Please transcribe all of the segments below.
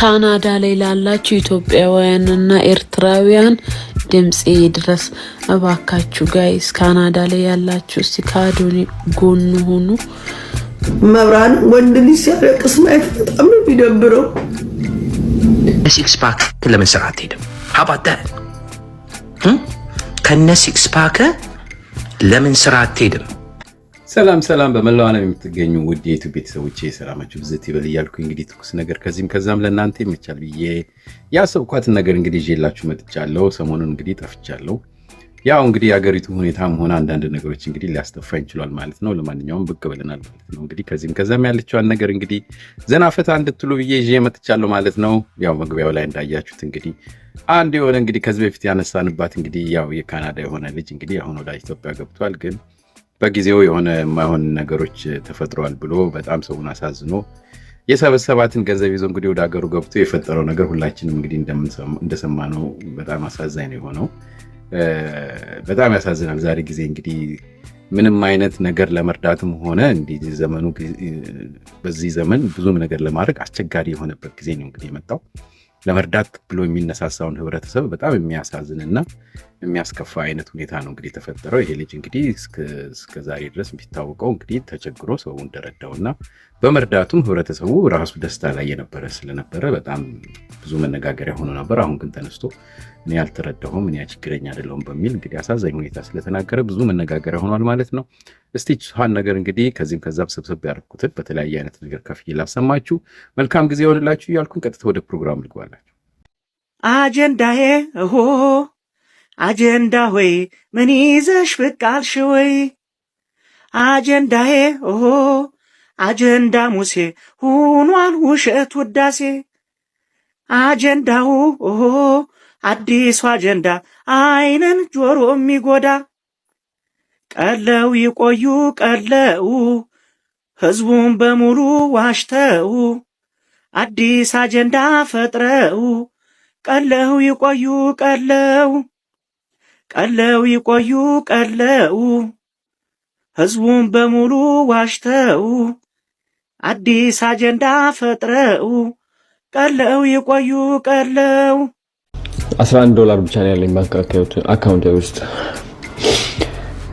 ካናዳ ላይ ላላችሁ ኢትዮጵያውያንና ኤርትራውያን ድምጽ ድረስ እባካችሁ ጋይስ፣ ካናዳ ላይ ያላችሁ እስቲ ከአዶኒ ጎን ሆኑ። መብራን ወንድ ልጅ ሲያለቅስ ማየት በጣም ነው የሚደብረው። ሲክስ ፓክ ለምን ስርዓት ሄድም ሀባተ ከነ ሲክስ ፓክ ለምን ስርዓት ሄድም ሰላም ሰላም፣ በመላው ዓለም የምትገኙ ውድ የዩቱብ ቤተሰቦች ሰላማችሁ ብዝት ይበል እያልኩ እንግዲህ ትኩስ ነገር ከዚህም ከዛም ለእናንተ ይመቻል ብዬ ያሰብኳትን ነገር እንግዲህ ይዤላችሁ መጥቻለሁ። ሰሞኑን እንግዲህ ጠፍቻለሁ። ያው እንግዲህ የአገሪቱ ሁኔታም ሆነ አንዳንድ ነገሮች እንግዲህ ሊያስተፋ ይችሏል ማለት ነው። ለማንኛውም ብቅ ብለናል ማለት ነው። እንግዲህ ከዚህም ከዛም ያለችዋን ነገር እንግዲህ ዘናፈታ እንድትሉ ብዬ ይዤ መጥቻለሁ ማለት ነው። ያው መግቢያው ላይ እንዳያችሁት እንግዲህ አንድ የሆነ እንግዲህ ከዚህ በፊት ያነሳንባት እንግዲህ ያው የካናዳ የሆነ ልጅ እንግዲህ አሁን ወደ ኢትዮጵያ ገብቷል ግን በጊዜው የሆነ የማይሆን ነገሮች ተፈጥረዋል ብሎ በጣም ሰውን አሳዝኖ የሰበሰባትን ገንዘብ ይዞ እንግዲህ ወደ ሀገሩ ገብቶ የፈጠረው ነገር ሁላችንም እንግዲህ እንደሰማነው በጣም አሳዛኝ ነው የሆነው። በጣም ያሳዝናል። ዛሬ ጊዜ እንግዲህ ምንም አይነት ነገር ለመርዳትም ሆነ ዘመኑ በዚህ ዘመን ብዙም ነገር ለማድረግ አስቸጋሪ የሆነበት ጊዜ ነው እንግዲህ የመጣው። ለመርዳት ብሎ የሚነሳሳውን ህብረተሰብ በጣም የሚያሳዝን እና የሚያስከፋ አይነት ሁኔታ ነው እንግዲህ የተፈጠረው። ይሄ ልጅ እንግዲህ እስከ ዛሬ ድረስ የሚታወቀው እንግዲህ ተቸግሮ ሰው እንደረዳው እና በመርዳቱም ህብረተሰቡ ራሱ ደስታ ላይ የነበረ ስለነበረ በጣም ብዙ መነጋገሪያ ሆኖ ነበር። አሁን ግን ተነስቶ እኔ ያልተረዳሁም እኔ ችግረኛ አይደለሁም በሚል እንግዲህ አሳዛኝ ሁኔታ ስለተናገረ ብዙ መነጋገሪያ ሆኗል ማለት ነው። እስቲ ሷን ነገር እንግዲህ ከዚህም ከዛም ሰብሰብ ያደርኩትን በተለያየ አይነት ነገር ከፍዬ ላሰማችሁ። መልካም ጊዜ ይሆንላችሁ እያልኩን ቀጥታ ወደ ፕሮግራም ልግባላችሁ። አጀንዳዬ ሆ አጀንዳ ሆይ ምን ይዘሽ ብቅ አልሽ ወይ? አጀንዳዬ ኦሆ አጀንዳ ሙሴ ሁኗል ውሸት ውዳሴ አጀንዳው ኦሆ አዲሱ አጀንዳ አይንን ጆሮ የሚጎዳ ቀለው ይቆዩ ቀለው ህዝቡን በሙሉ ዋሽተው አዲስ አጀንዳ ፈጥረው ቀለው ይቆዩ ቀለው ቀለው ይቆዩ ቀለው ህዝቡን በሙሉ ዋሽተው አዲስ አጀንዳ ፈጥረው ቀለው ይቆዩ ቀለው። 11 ዶላር ብቻ ነው ያለኝ ባንክ አካውንት ውስጥ።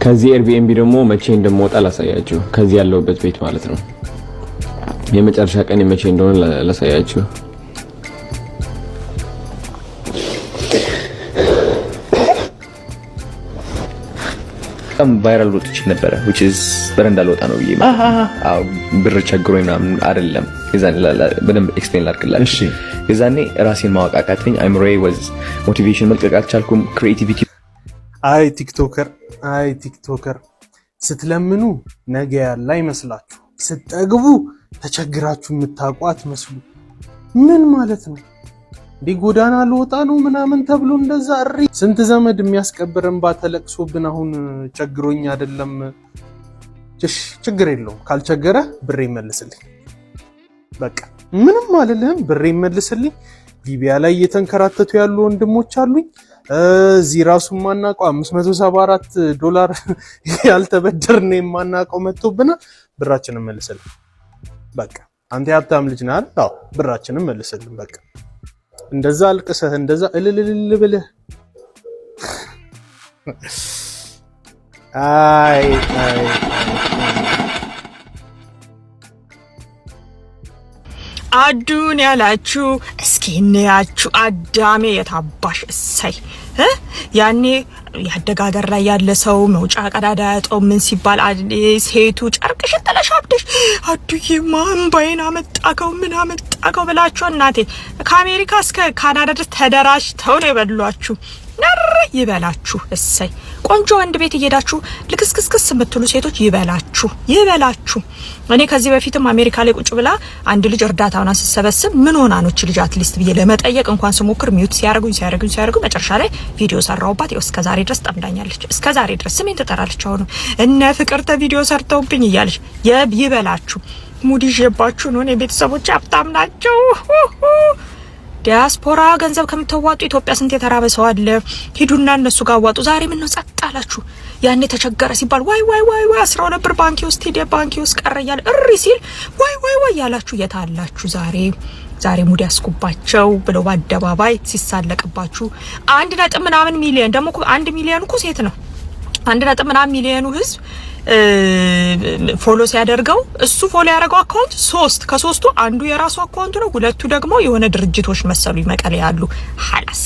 ከዚህ ኤርቢኤንቢ ደግሞ መቼ እንደምወጣ ላሳያችሁ። ከዚህ ያለውበት ቤት ማለት ነው። የመጨረሻ ቀን መቼ እንደሆነ ላሳያችሁ። በጣም ቫይራል ወጥቼ ነበረ። በረንዳ ልወጣ ነው ብዬ ብር ቸግሮ ምናምን አይደለም። በደንብ ኤክስፕሌን ላድርግላችሁ። የዛኔ ራሴን ማወቃቃተኝ አይምሮዬ ወዝ ሞቲቬሽን መልቀቅ አልቻልኩም። ክሪኤቲቪቲ አይ ቲክቶከር አይ ቲክቶከር ስትለምኑ ነገ ያለ አይመስላችሁ፣ ስትጠግቡ ተቸግራችሁ የምታውቋት አትመስሉ። ምን ማለት ነው? እንዲህ ጎዳና ልወጣ ነው ምናምን ተብሎ እንደዛ እሪ ስንት ዘመድ የሚያስቀብር እንባ ተለቅሶብን አሁን ቸግሮኝ አይደለም። ችግር የለውም ካልቸገረ ብሬ ይመልስልኝ፣ በቃ ምንም አልልህም፣ ብሬ ይመልስልኝ። ሊቢያ ላይ እየተንከራተቱ ያሉ ወንድሞች አሉኝ። እዚህ ራሱ የማናውቀው 574 ዶላር ያልተበደርን የማናውቀው መጥቶብና ብራችንን መልስልን በቃ። አንተ ሀብታም ልጅ ነህ አይደል? አዎ፣ ብራችንን መልስልን በቃ። እንደዛ አልቅሰህ እንደዛ እልልልል ብለህ አይ አይ አዱን ያላችሁ እስኪ እንያችሁ አዳሜ የታባሽ እሰይ ያኔ ያደገ ሀገር ላይ ያለ ሰው መውጫ ቀዳዳ ያጠው ምን ሲባል ሴቱ ጨርቅ ሽጥለሽ አብደሽ አዱዬ ባይን አመጣከው ምን አመጣከው ብላችሁ እናቴ ከአሜሪካ እስከ ካናዳ ድረስ ተደራጅተው ነው የበሏችሁ። ነር ይበላችሁ። እሰይ ቆንጆ ወንድ ቤት እየሄዳችሁ ልክስክስክስ የምትሉ ሴቶች ይበላችሁ ይበላችሁ። እኔ ከዚህ በፊትም አሜሪካ ላይ ቁጭ ብላ አንድ ልጅ እርዳታውን ስሰበስብ ምን ሆና ነው ልጅ አትሊስት ብዬ ለመጠየቅ እንኳን ስሞክር ሚዩት ሲያደርጉኝ ሲያደርጉኝ ሲያደርጉ መጨረሻ ላይ ቪዲዮ ሰራውባት። ይኸው ዛሬ ድረስ ጠምዳኛለች። እስከ ዛሬ ድረስ ስሜን ትጠራለች። አሁኑ እነ ፍቅርተ ቪዲዮ ሰርተውብኝ እያለች ይበላችሁ። ሙድ ይዤባችሁ ነው። እኔ ቤተሰቦች ሀብታም ናቸው። ዲያስፖራ ገንዘብ ከምትዋጡ ኢትዮጵያ ስንት የተራበ ሰው አለ፣ ሂዱና እነሱ ጋር አዋጡ። ዛሬ ምን ነው ጸጥ አላችሁ? ያኔ ተቸገረ ሲባል ዋይ ዋይ ዋይ ዋይ አስራ ሁለት ብር ባንኪ ውስጥ ሄደ ባንኪ ውስጥ ቀረ እያለ እሪ ሲል ዋይ ዋይ ዋይ ያላችሁ የት አላችሁ ዛሬ? ዛሬ ሙድ ያስኩባቸው ብለው በአደባባይ ሲሳለቅባችሁ አንድ ነጥብ ምናምን ሚሊዮን ደግሞ አንድ ሚሊዮን እኮ ሴት ነው አንድ ነጥብ ምናምን ሚሊዮኑ ህዝብ ፎሎ ሲያደርገው እሱ ፎሎ ያደረገው አካውንት ሶስት ከሶስቱ አንዱ የራሱ አካውንት ነው። ሁለቱ ደግሞ የሆነ ድርጅቶች መሰሉ መቀሌ ያሉ ሀላስ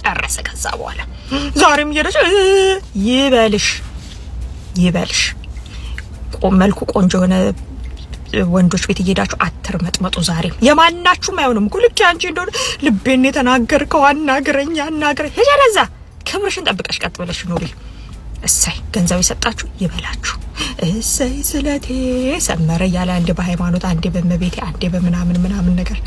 ጨረሰ። ከዛ በኋላ ዛሬም እየደች ይበልሽ ይበልሽ መልኩ ቆንጆ የሆነ ወንዶች ቤት እየሄዳችሁ አትር መጥመጡ ዛሬም የማናችሁም አይሆንም። ልክ አንቺ እንደሆነ ልቤን የተናገርከው አናግረኝ አናግረኝ ሄጃ ለዛ ክብርሽን ጠብቀሽ ቀጥ ብለሽ ኑሪ። እሰይ ገንዘብ የሰጣችሁ ይበላችሁ፣ እሰይ ስለቴ ሰመረ እያለ አንዴ በሃይማኖት አንዴ በመቤቴ አንዴ በምናምን ምናምን ነገር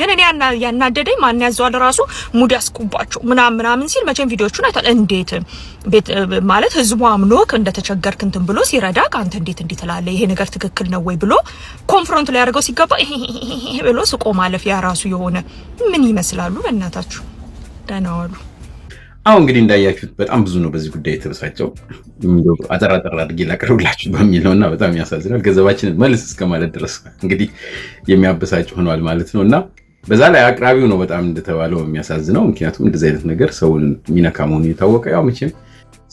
ግን እኔ ያናደደኝ ማን ያዘዋል ራሱ ሙድ ያስቁባቸው ምናምን ምናምን ሲል መቼም ቪዲዮቹን አይታል። እንዴት ቤት ማለት ህዝቡ አምኖክ እንደተቸገርክ እንትን ብሎ ሲረዳ አንተ እንዴት እንዲህ ትላለህ? ይሄ ነገር ትክክል ነው ወይ ብሎ ኮንፍሮንት ላይ ያደርገው ሲገባ ብሎ ስቆ ማለፍ ያ ራሱ የሆነ ምን ይመስላሉ። በእናታችሁ ደህና ዋሉ። አሁን እንግዲህ እንዳያችሁት በጣም ብዙ ነው በዚህ ጉዳይ የተበሳጨው። አጠራጠር አድርጌ ላቀርብላችሁ በሚል ነው እና በጣም ያሳዝናል። ገንዘባችንን መልስ እስከ ማለት ድረስ እንግዲህ የሚያበሳጭ ሆኗል ማለት ነው እና በዛ ላይ አቅራቢው ነው በጣም እንደተባለው የሚያሳዝነው። ምክንያቱም እንደዚህ አይነት ነገር ሰውን የሚነካ መሆኑ የታወቀ ያው መቼም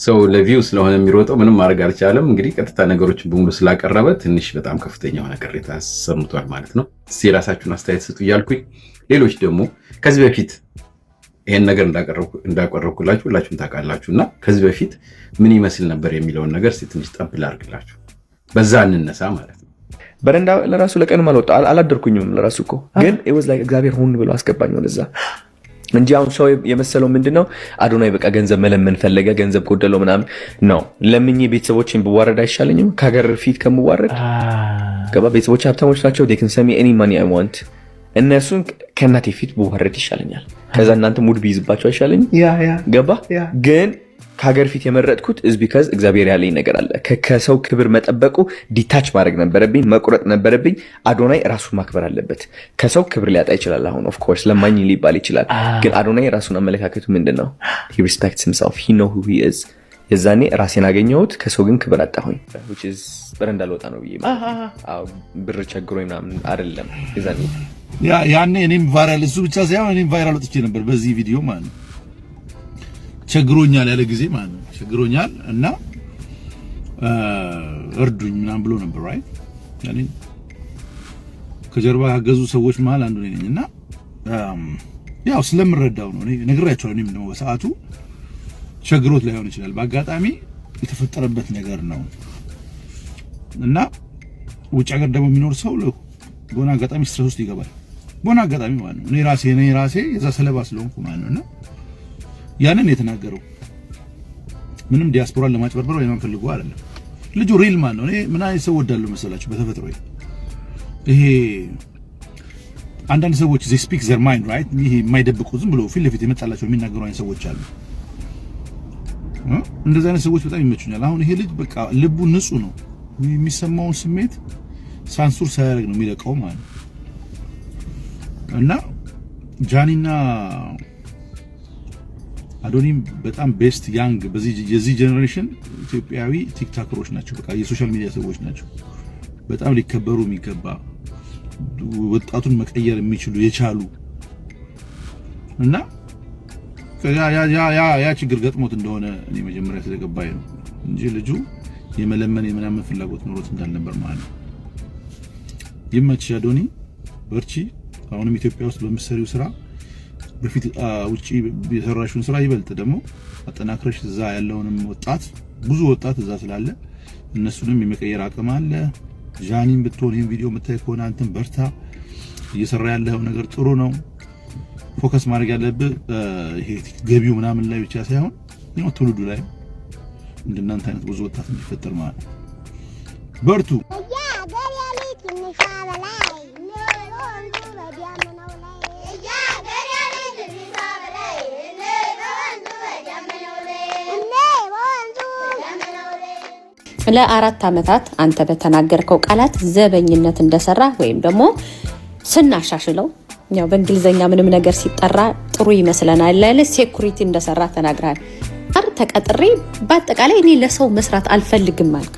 ሰው ለቪው ስለሆነ የሚሮጠው ምንም ማድረግ አልቻለም። እንግዲህ ቀጥታ ነገሮችን በሙሉ ስላቀረበ ትንሽ በጣም ከፍተኛ የሆነ ቅሬታ ሰምቷል ማለት ነው። እስኪ የራሳችሁን አስተያየት ስጡ እያልኩኝ ሌሎች ደግሞ ከዚህ በፊት ይሄን ነገር እንዳቀረብኩላችሁ ሁላችሁም ታውቃላችሁ እና ከዚህ በፊት ምን ይመስል ነበር የሚለውን ነገር ትንሽ ጠብ ላድርግላችሁ። በዛ እንነሳ ማለት ነው። በረንዳ ለራሱ ለቀንም አልወጣ አላደርኩኝም። ለራሱ እኮ ግን እግዚአብሔር ሁን ብሎ አስገባኝ ወደዛ እንጂ አሁን ሰው የመሰለው ምንድን ነው አዶናይ በቃ ገንዘብ መለመን ፈለገ፣ ገንዘብ ጎደለው ምናምን ነው። ለምኝ ቤተሰቦችን ብዋረድ አይሻለኝም? ከሀገር ፊት ከምዋረድ ገባ። ቤተሰቦች ሀብታሞች ናቸው። ዴክን ሰሚ ኒ ማኒ ዋንት እነሱን ከእናቴ ፊት በወረድ ይሻለኛል፣ ከዛ እናንተ ሙድ ቢይዝባቸው አይሻለኝ? ገባ ግን ከሀገር ፊት የመረጥኩት ዝ ቢካዝ እግዚአብሔር ያለኝ ነገር አለ። ከሰው ክብር መጠበቁ ዲታች ማድረግ ነበረብኝ፣ መቁረጥ ነበረብኝ። አዶናይ ራሱን ማክበር አለበት። ከሰው ክብር ሊያጣ ይችላል። አሁን ኦፍኮርስ ለማኝ ሊባል ይችላል። ግን አዶናይ ራሱን አመለካከቱ ምንድን ነው? ሂ ሪስፔክትስ ሂምሰልፍ ሂ ኖው ሂ ኢዝ። የዛኔ ራሴን አገኘሁት፣ ከሰው ግን ክብር አጣሁኝ። ብር እንዳልወጣ ነው ብዬ ብር ቸግሮኝ ምናምን አይደለም የዛኔ ያኔ እኔም ቫይራል እሱ ብቻ ሳይሆን እኔም ቫይራል ወጥቼ ነበር በዚህ ቪዲዮ ማለት ነው። ቸግሮኛል ያለ ጊዜ ማለት ነው። ቸግሮኛል እና እርዱኝ ምናምን ብሎ ነበር። አይ ያኔ ከጀርባ ያገዙ ሰዎች መሀል አንዱ ነኝ እና ያው ስለምረዳው ነው። እኔ ነግራቸዋለሁ። እኔም ደግሞ በሰዓቱ ቸግሮት ላይሆን ይችላል፣ በአጋጣሚ የተፈጠረበት ነገር ነው እና ውጭ ሀገር ደግሞ የሚኖር ሰው በሆነ አጋጣሚ ስትረስ ውስጥ ይገባል። በሆነ አጋጣሚ ማለት ነው እኔ ራሴ እኔ ራሴ የዛ ሰለባ ስለሆንኩ ማለት ነው እና ያንን የተናገረው ምንም ዲያስፖራን ለማጭበርበር ወይ የማንፈልገው አይደለም። ልጁ ሪል ማለት ነው። እኔ ምን አይነት ሰው ወዳለሁ መሰላችሁ? በተፈጥሮ ይሄ አንዳንድ ሰዎች ዜ ስፒክ ዘር ማይንድ ራይት፣ ይሄ የማይደብቁ ዝም ብሎ ፊት ለፊት የመጣላቸው የሚናገሩ አይነት ሰዎች አሉ። እንደዚህ አይነት ሰዎች በጣም ይመቹኛል። አሁን ይሄ ልጅ በቃ ልቡ ንጹህ ነው። የሚሰማውን ስሜት ሳንሱር ሳያደርግ ነው የሚለቀው ማለት ነው። እና ጃኒና አዶኒም በጣም ቤስት ያንግ የዚህ ጀኔሬሽን ኢትዮጵያዊ ቲክታክሮች ናቸው። በቃ የሶሻል ሚዲያ ሰዎች ናቸው። በጣም ሊከበሩ የሚገባ ወጣቱን መቀየር የሚችሉ የቻሉ እና ያ ችግር ገጥሞት እንደሆነ እኔ መጀመሪያ ስለገባኝ ነው እንጂ ልጁ የመለመን የምናምን ፍላጎት ኖሮት እንዳልነበር ማለት ነው። ይመች አዶኒ፣ በርቺ። አሁንም ኢትዮጵያ ውስጥ በምትሰሪው ስራ በፊት ውጭ የሰራሽውን ስራ ይበልጥ ደግሞ አጠናክረሽ እዛ ያለውንም ወጣት ብዙ ወጣት እዛ ስላለ እነሱንም የመቀየር አቅም አለ። ዣኒን ብትሆን ይህን ቪዲዮ የምታይ ከሆነ አንተም በርታ፣ እየሰራ ያለው ነገር ጥሩ ነው። ፎከስ ማድረግ ያለብህ ይሄ ገቢው ምናምን ላይ ብቻ ሳይሆን ነው ትውልዱ ላይ እንደናንተ አይነት ብዙ ወጣት እንዲፈጠር ማለት ነው። በርቱ። ለአራት ዓመታት አንተ በተናገርከው ቃላት ዘበኝነት እንደሰራ ወይም ደግሞ ስናሻሽለው ያው በእንግሊዘኛ ምንም ነገር ሲጠራ ጥሩ ይመስለናል ላለ ሴኩሪቲ እንደሰራ ተናግረሃል። ተቀጥሬ በአጠቃላይ እኔ ለሰው መስራት አልፈልግም አልክ።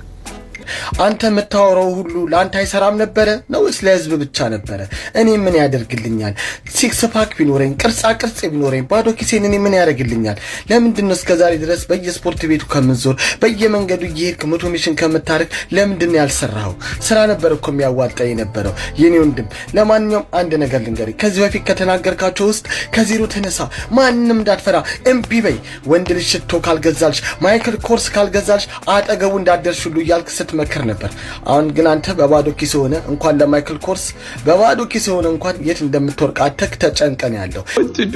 አንተ የምታወራው ሁሉ ለአንተ አይሰራም ነበረ ነው ወይስ ለህዝብ ብቻ ነበረ? እኔ ምን ያደርግልኛል? ሲክስ ፓክ ቢኖረኝ ቅርጻ ቅርጽ ቢኖረኝ ባዶ ኪሴን እኔ ምን ያደርግልኛል? ለምንድን ነው እስከዛሬ ድረስ በየስፖርት ቤቱ ከምዞር በየመንገዱ እየሄድክ ሚሽን ከምታደርግ ለምንድን ነው ያልሰራኸው? ስራ ነበር እኮ የሚያዋጣ የነበረው የኔ ወንድም። ለማንኛውም አንድ ነገር ልንገር፣ ከዚህ በፊት ከተናገርካቸው ውስጥ ከዜሮ ተነሳ፣ ማንም እንዳትፈራ፣ እምቢ በይ፣ ወንድ ልጅ ሽቶ ካልገዛልሽ፣ ማይክል ኮርስ ካልገዛልሽ አጠገቡ እንዳትደርሽ ሁሉ እያልክ ስት ስትመክር ነበር። አሁን ግን አንተ በባዶ ኪስ ሆነ እንኳን ለማይክል ኮርስ በባዶ ኪስ ሆነ እንኳን የት እንደምትወርቅ አተክ ተጨንቀን ያለው ትዱ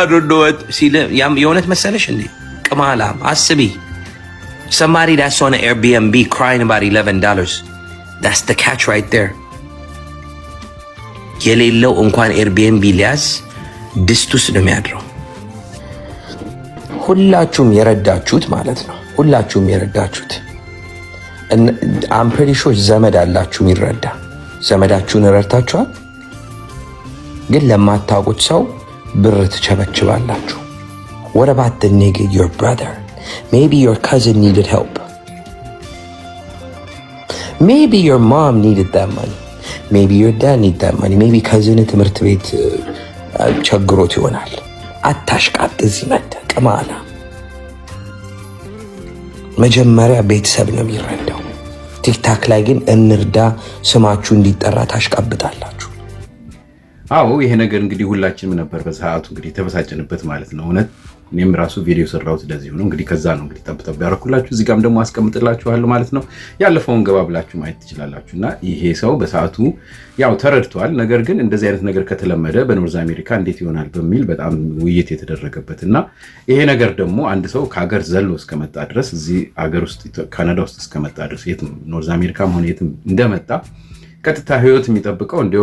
አዶዶወጥ ሲል የእውነት መሰለሽ እንዴ ቅማላም አስቢ ሰማሪ ዳስ ኦን ኤርቢኤንቢ ክራይን ባር 11 ዶላርስ ዳስ ተ ካች ራይት ዴር የሌለው እንኳን ኤርቢኤንቢ ሊያዝ ድስት ውስጥ ነው የሚያድረው። ሁላችሁም የረዳችሁት ማለት ነው። ሁላችሁም የረዳችሁት አምፕሪሾች ዘመድ አላችሁ የሚረዳ ዘመዳችሁን ረድታችኋል። ግን ለማታውቁት ሰው ብር ትቸበችባላችሁ። what about the nigga your brother maybe your cousin needed help maybe your mom needed that money maybe your dad needed that money maybe cousin ትምህርት ቤት ቸግሮት ይሆናል። አታሽቃጥ። እዚህ መደቅ ማላ መጀመሪያ ቤተሰብ ነው የሚረዳ ቲክታክ ላይ ግን እንርዳ ስማችሁ እንዲጠራ ታሽቃብጣላችሁ። አዎ ይሄ ነገር እንግዲህ ሁላችንም ነበር በሰዓቱ እንግዲህ የተበሳጨንበት ማለት ነው እውነት እኔም ራሱ ቪዲዮ ሰራው ለዚሁ ነው። እንግዲህ ከዛ ነው እንግዲህ ጠብጠብ ያደረኩላችሁ እዚህ ጋም ደግሞ አስቀምጥላችኋለሁ ማለት ነው። ያለፈውን ገባ ብላችሁ ማየት ትችላላችሁ። እና ይሄ ሰው በሰዓቱ ያው ተረድቷል። ነገር ግን እንደዚህ አይነት ነገር ከተለመደ በኖርዝ አሜሪካ እንዴት ይሆናል በሚል በጣም ውይይት የተደረገበት እና ይሄ ነገር ደግሞ አንድ ሰው ከሀገር ዘሎ እስከመጣ ድረስ እዚህ ሀገር ውስጥ ካናዳ ውስጥ እስከመጣ ድረስ ኖርዝ አሜሪካም መሆን የትም እንደመጣ ቀጥታ ህይወት የሚጠብቀው እንዲ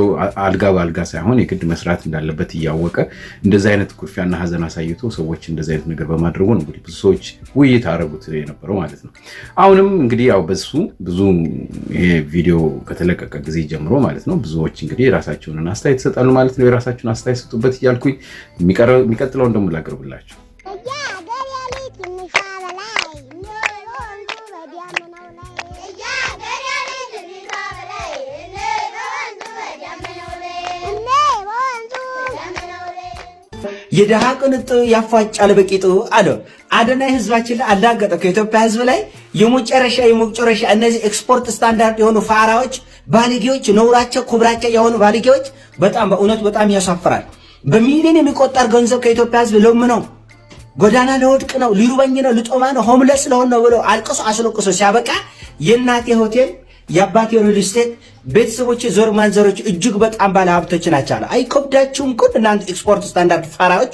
አልጋ በአልጋ ሳይሆን የግድ መስራት እንዳለበት እያወቀ እንደዚ አይነት ኩርፊያና ሀዘን አሳይቶ ሰዎች እንደዚ አይነት ነገር በማድረጉ ነው እንግዲህ ብዙ ሰዎች ውይይት አደረጉት የነበረው ማለት ነው። አሁንም እንግዲህ ያው በሱ ብዙ ይሄ ቪዲዮ ከተለቀቀ ጊዜ ጀምሮ ማለት ነው ብዙዎች እንግዲህ የራሳቸውን አስተያየት ይሰጣሉ ማለት ነው። የራሳቸውን አስተያየት ሰጡበት እያልኩኝ የሚቀጥለውን ደግሞ ላቅርብላቸው። የድሃ ቅንጡ ያፏጫል በቂጡ አለ። አዶናይ ህዝባችን ላይ አላገጠ። ከኢትዮጵያ ህዝብ ላይ የመጨረሻ የመጨረሻ እነዚህ ኤክስፖርት ስታንዳርድ የሆኑ ፋራዎች፣ ባልጌዎች፣ ነውራቸው ኩብራቸው የሆኑ ባልጌዎች በጣም በእውነቱ በጣም ያሳፍራል። በሚሊዮን የሚቆጠር ገንዘብ ከኢትዮጵያ ህዝብ ነው ጎዳና ለወድቅ ነው ሊሩበኝ ነው ልጦማ ነው ሆምለስ ለሆን ነው ብለው አልቅሶ አስለቅሶ ሲያበቃ የእናቴ ሆቴል የአባቴ ሪል ስቴት ቤተሰቦች ዞር ማንዘሮች እጅግ በጣም ባለ ሀብቶች ናቸው አለ። አይከብዳችሁም ግን እናንተ ኤክስፖርት ስታንዳርድ ፋራዎች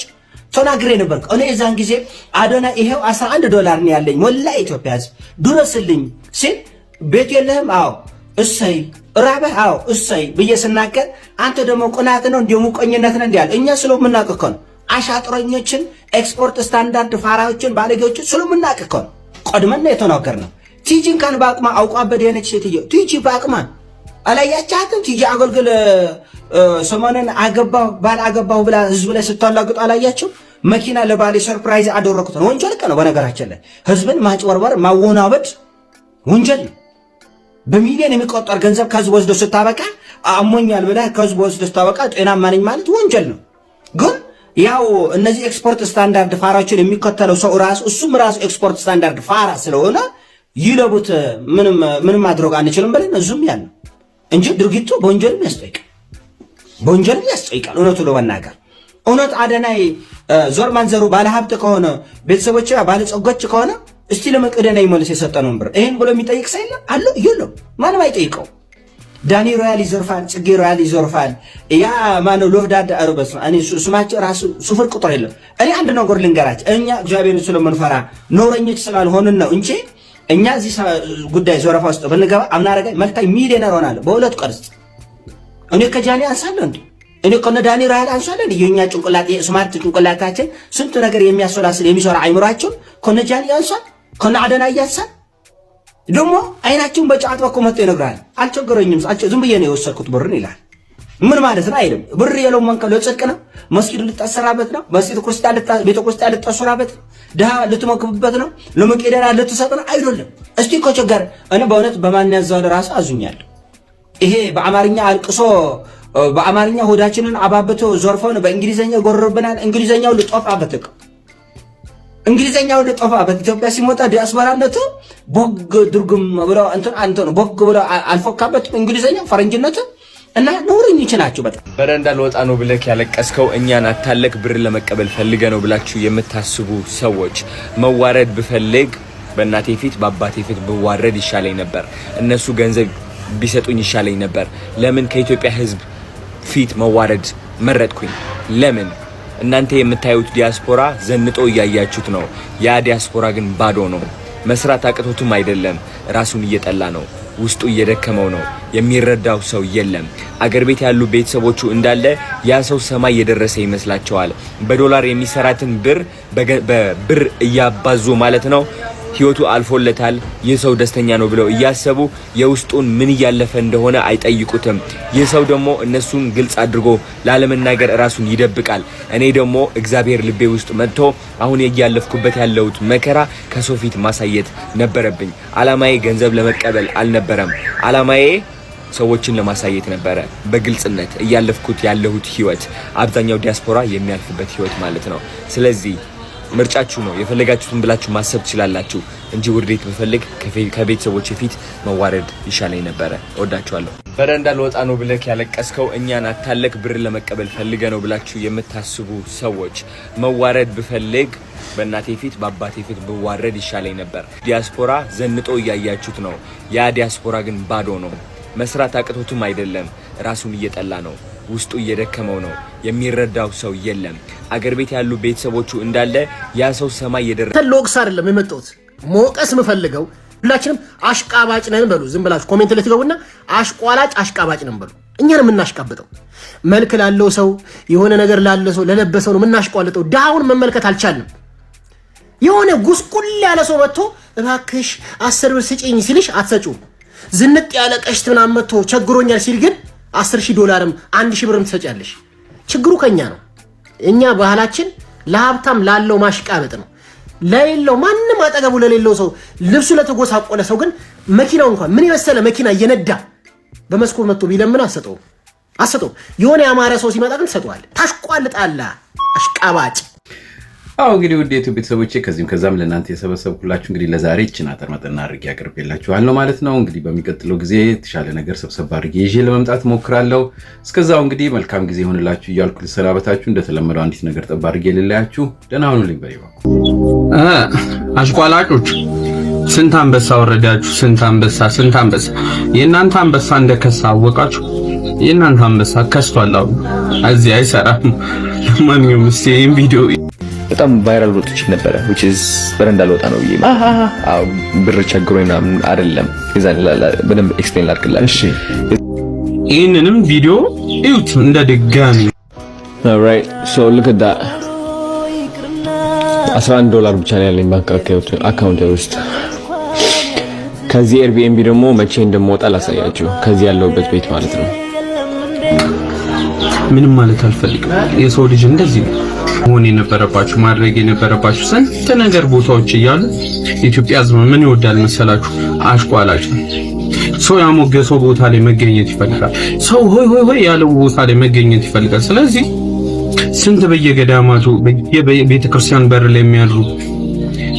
ተናግሬ ነበር። እኔ የዛን ጊዜ አዶና ይሄው 11 ዶላር ነው ያለኝ ወላ ኢትዮጵያ ሕዝብ ድረስልኝ ሲል ቤት የለህም? አዎ እሰይ ራበህ? አዎ እሰይ ብዬ ስናገር አንተ ደግሞ ቁናት ነው እንዲሁ ሙቀኝነት ነው እንዲያለ እኛ ስለምናውቅ እኮ ነው። አሻጥረኞችን ኤክስፖርት ስታንዳርድ ፋራዎችን ባለጌዎችን ስለምናውቅ እኮ ነው። ቆድመን ነው የተናገር ነው። ቲጂን ካን በአቅማ አውቋ በደነች ሴትዮ ቲጂ በአቅማ አላያቻትም? ቲጂ አገልግል ሰሞኑን አገባሁ ባል አገባሁ ብላ ህዝብ ላይ ስታላግጡ አላያቸው? መኪና ለባሌ ሰርፕራይዝ አደረኩት ነው። ወንጀል ነው። በነገራችን ላይ ህዝብን ማጭበርበር ማወናበድ ወንጀል ነው። በሚሊዮን የሚቆጠር ገንዘብ ከህዝብ ወስዶ ስታበቃ አሞኛል ብለህ ከህዝብ ወስዶ ስታበቃ ጤናማ ነኝ ማለት ወንጀል ነው። ግን ያው እነዚህ ኤክስፖርት ስታንዳርድ ፋራችን የሚከተለው ሰው ራሱ እሱም ራሱ ኤክስፖርት ስታንዳርድ ፋራ ስለሆነ ይለቡት ምንም ማድረግ አንችልም ብለን እዙም ያለው እንጂ ድርጊቱ በወንጀልም ያስጠይቃል፣ በወንጀልም ያስጠይቃል። እውነቱ ለመናገር እውነት አደናይ ዞር ማንዘሩ ባለሀብት ከሆነ ቤተሰቦች ባለጸጎች ከሆነ እስቲ ለመቅደና ይመልስ የሰጠነውን ብር ይህን ብሎ የሚጠይቅ ሰው የለም አለ የለም፣ ማንም አይጠይቀው። ዳኒ ሮያል ይዘርፋል፣ ጽጌ ሮያል ይዘርፋል። ያ ማነው ሎፍዳዳ አርበስ እኔ ስማቸው ራሱ ሱፍር ቁጥር የለም። እኔ አንድ ነገር ልንገራች፣ እኛ እግዚአብሔር ስለምንፈራ ኖረኞች ስላልሆንን ነው እንቼ እኛ እዚህ ጉዳይ ዘረፋ ውስጥ ብንገባ አምና አረጋኝ መልካኝ ሚሊዮነር ሆናለሁ በሁለት ቀርጽ። እኔ ከጃኒ አንሳለሁ እንዲ እኔ ከነ ዳኒ ራይል አንሳለሁ እንዴ? የኛ ጭንቅላት ስማርት ጭንቅላታችን ስንቱ ነገር የሚያሰላስል የሚሰራ አይምሯችን ከነ ጃኒ አንሳል፣ ከነ አደና ያንሳል። ደግሞ አይናችን በጫት በኩል መጥቶ ይነግራል። አልቸገረኝም፣ ዝም ብዬ ነው የወሰድኩት ብርን ይላል። ምን ማለት ነው አይልም። ብር የለው መንከሉ ጽድቅ ነው። መስጊድ ልታሰራበት ነው። መስጊድ ክርስቲያን ልታ ቤተ ክርስቲያን ልታሰራበት ነው። ድሃ ልትመክብበት ነው። ለመቄደራ ልትሰጥ ነው። አይደለም። እስቲ ከቸገረ እኔ በእውነት በማን ያዘዋል ራሱ አዙኛል። ይሄ በአማርኛ አልቅሶ በአማርኛ ሆዳችንን አባብቶ ዞርፎን በእንግሊዘኛ ጎርርብናል። እንግሊዘኛው ልጦፋበት እኮ እንግሊዘኛው ልጦፋበት ኢትዮጵያ ሲሞጣ ዲያስፖራነቱ ቦግ ድርግም ብሎ እንትን አንተ ነው ቦግ ብሎ አልፎካበት እንግሊዘኛ ፈረንጅነቱ እና ቡርኞች ይችላችሁ በጣም በረንዳ ልወጣ ነው ብለህ ያለቀስከው እኛን አታለክ ብር ለመቀበል ፈልገ ነው ብላችሁ የምታስቡ ሰዎች መዋረድ ብፈልግ በእናቴ ፊት በአባቴ ፊት ብዋረድ ይሻለኝ ነበር። እነሱ ገንዘብ ቢሰጡኝ ይሻለኝ ነበር። ለምን ከኢትዮጵያ ሕዝብ ፊት መዋረድ መረጥኩኝ? ለምን? እናንተ የምታዩት ዲያስፖራ ዘንጦ እያያችሁት ነው። ያ ዲያስፖራ ግን ባዶ ነው። መስራት አቅቶትም አይደለም ራሱን እየጠላ ነው። ውስጡ እየደከመው ነው። የሚረዳው ሰው የለም። አገር ቤት ያሉ ቤተሰቦቹ እንዳለ ያ ሰው ሰማይ የደረሰ ይመስላቸዋል። በዶላር የሚሰራትን ብር በብር እያባዙ ማለት ነው ህይወቱ አልፎለታል፣ ይህ ሰው ደስተኛ ነው ብለው እያሰቡ የውስጡን ምን እያለፈ እንደሆነ አይጠይቁትም። ይህ ሰው ደግሞ እነሱን ግልጽ አድርጎ ላለመናገር ራሱን ይደብቃል። እኔ ደግሞ እግዚአብሔር ልቤ ውስጥ መጥቶ አሁን እያለፍኩበት ያለሁት መከራ ከሰው ፊት ማሳየት ነበረብኝ። አላማዬ ገንዘብ ለመቀበል አልነበረም። አላማዬ ሰዎችን ለማሳየት ነበረ። በግልጽነት እያለፍኩት ያለሁት ህይወት አብዛኛው ዲያስፖራ የሚያልፍበት ህይወት ማለት ነው። ስለዚህ ምርጫችሁ ነው። የፈለጋችሁትን ብላችሁ ማሰብ ትችላላችሁ እንጂ ውርዴት ብፈልግ ከቤተሰቦች ፊት መዋረድ ይሻለኝ ነበረ። ወዳችኋለሁ። በረንዳ ልወጣ ነው ብለክ ያለቀስከው እኛን አታለክ ብር ለመቀበል ፈልገ ነው ብላችሁ የምታስቡ ሰዎች መዋረድ ብፈልግ በእናቴ ፊት በአባቴ ፊት ብዋረድ ይሻለኝ ነበር። ዲያስፖራ ዘንጦ እያያችሁት ነው። ያ ዲያስፖራ ግን ባዶ ነው። መስራት አቅቶትም አይደለም ራሱን እየጠላ ነው። ውስጡ እየደከመው ነው። የሚረዳው ሰው የለም። አገር ቤት ያሉ ቤተሰቦቹ እንዳለ ያ ሰው ሰማይ የደረ ለወቅስ አይደለም የመጣሁት ሞቀስ የምፈልገው ሁላችንም አሽቃባጭ ነን በሉ። ዝም ብላችሁ ኮሜንት ላይ ትገቡና አሽቋላጭ አሽቃባጭ ነን በሉ። እኛ ነው የምናሽቃብጠው። መልክ ላለው ሰው የሆነ ነገር ላለ ሰው ለለበሰው ነው የምናሽቋልጠው። ድሃውን መመልከት አልቻልንም። የሆነ ጉስቁል ያለ ሰው መጥቶ እባክሽ አስር ብር ስጪኝ ሲልሽ አትሰጪውም። ዝንጥ ያለ ቀሽት ምናምን መጥቶ ቸግሮኛል ሲል ግን አስር ሺህ ዶላርም አንድ ሺህ ብርም ትሰጫለሽ። ችግሩ ከኛ ነው። እኛ ባህላችን ለሀብታም ላለው ማሽቃበጥ ነው። ለሌለው ማንም አጠገቡ ለሌለው ሰው ልብሱ ለተጎሳቆለ ሰው ግን መኪናው እንኳን ምን የመሰለ መኪና እየነዳ በመስኮት መጥቶ ቢለምን አሰጠው አሰጠው የሆነ የአማረ ሰው ሲመጣ ግን ትሰጠዋል። ታሽቋልጣላ አሽቃባጭ አዎ እንግዲህ ውድ የቱ ቤተሰቦቼ ከዚህም ከዛም ለእናንተ የሰበሰብኩላችሁ እንግዲህ ለዛሬ ይችን አጠር መጠን አድርጌ አቅርቤላችኋለሁ ማለት ነው። እንግዲህ በሚቀጥለው ጊዜ የተሻለ ነገር ሰብሰብ አድርጌ ይዤ ለመምጣት ሞክራለሁ። እስከዛው እንግዲህ መልካም ጊዜ ይሆንላችሁ እያልኩ ልሰናበታችሁ። እንደተለመደው አንዲት ነገር ጠብ አድርጌ ልለያችሁ። ደህና ሁኑልኝ። በሌባ አሽቋላጮች፣ ስንት አንበሳ ወረዳችሁ? ስንት አንበሳ፣ ስንት አንበሳ። የእናንተ አንበሳ እንደከሳ አወቃችሁ። የእናንተ አንበሳ ከስቷል። አሁን እዚህ አይሰራም። ለማንኛውም እስኪ ይህን ቪዲዮ በጣም ቫይራል ወጦች ነበረ በረንዳ ልወጣ ነው ብዬ ብር ቸግሮ ምናምን አይደለም። በደንብ ኤክስፕሌን ላድርግላችሁ። ይህንንም ቪዲዮ እዩት እንደ ድጋሚ ልክ ዳ 11 ዶላር ብቻ ነው ያለኝ ባንክ አካውንት ውስጥ። ከዚህ ኤርቢኤንቢ ደግሞ መቼ እንደምወጣ ላሳያችሁ። ከዚህ ያለሁበት ቤት ማለት ነው። ምንም ማለት አልፈልግም። የሰው ልጅ እንደዚህ ነው። መሆን የነበረባችሁ ማድረግ የነበረባችሁ ስንት ነገር ቦታዎች እያሉ ኢትዮጵያ ሕዝብ ምን ይወዳል መሰላችሁ? አሽቋላጭ ሰው ያሞገሰው ቦታ ላይ መገኘት ይፈልጋል። ሰው ሆይ ሆይ ሆይ ያለው ቦታ ላይ መገኘት ይፈልጋል። ስለዚህ ስንት በየገዳማቱ በቤተክርስቲያን በር ላይ የሚያድሩ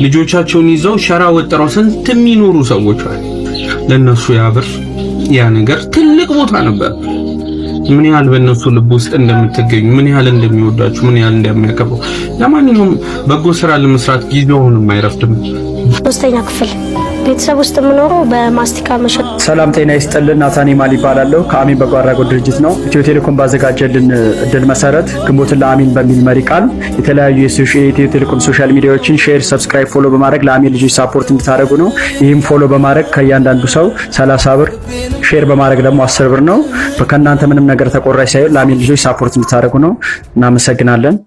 ልጆቻቸውን ይዘው ሸራ ወጥረው ስንት የሚኖሩ ሰዎች አሉ። ለነሱ ያ ብር ያ ነገር ትልቅ ቦታ ነበር። ምን ያህል በእነሱ ልብ ውስጥ እንደምትገኙ፣ ምን ያህል እንደሚወዳችሁ፣ ምን ያህል እንደሚያከብሩ። ለማንኛውም በጎ ስራ ለመስራት ጊዜውንም አይረፍድም። ሶስተኛ ክፍል ቤተሰብ ውስጥ የምኖረው በማስቲካ መሸጥ። ሰላም ጤና ይስጥልን። ናታን ማል ይባላለሁ። ከአሚን በጎ አድራጎት ድርጅት ነው። ኢትዮ ቴሌኮም ባዘጋጀልን እድል መሰረት ግንቦትን ለአሚን በሚል መሪ ቃል የተለያዩ የኢትዮ ቴሌኮም ሶሻል ሚዲያዎችን ሼር፣ ሰብስክራይብ፣ ፎሎ በማድረግ ለአሚን ልጆች ሳፖርት እንድታደረጉ ነው። ይህም ፎሎ በማድረግ ከእያንዳንዱ ሰው 30 ብር ሼር በማድረግ ደግሞ አስር ብር ነው። ከእናንተ ምንም ነገር ተቆራጭ ሳይሆን ለአሚን ልጆች ሳፖርት እንድታደርጉ ነው። እናመሰግናለን።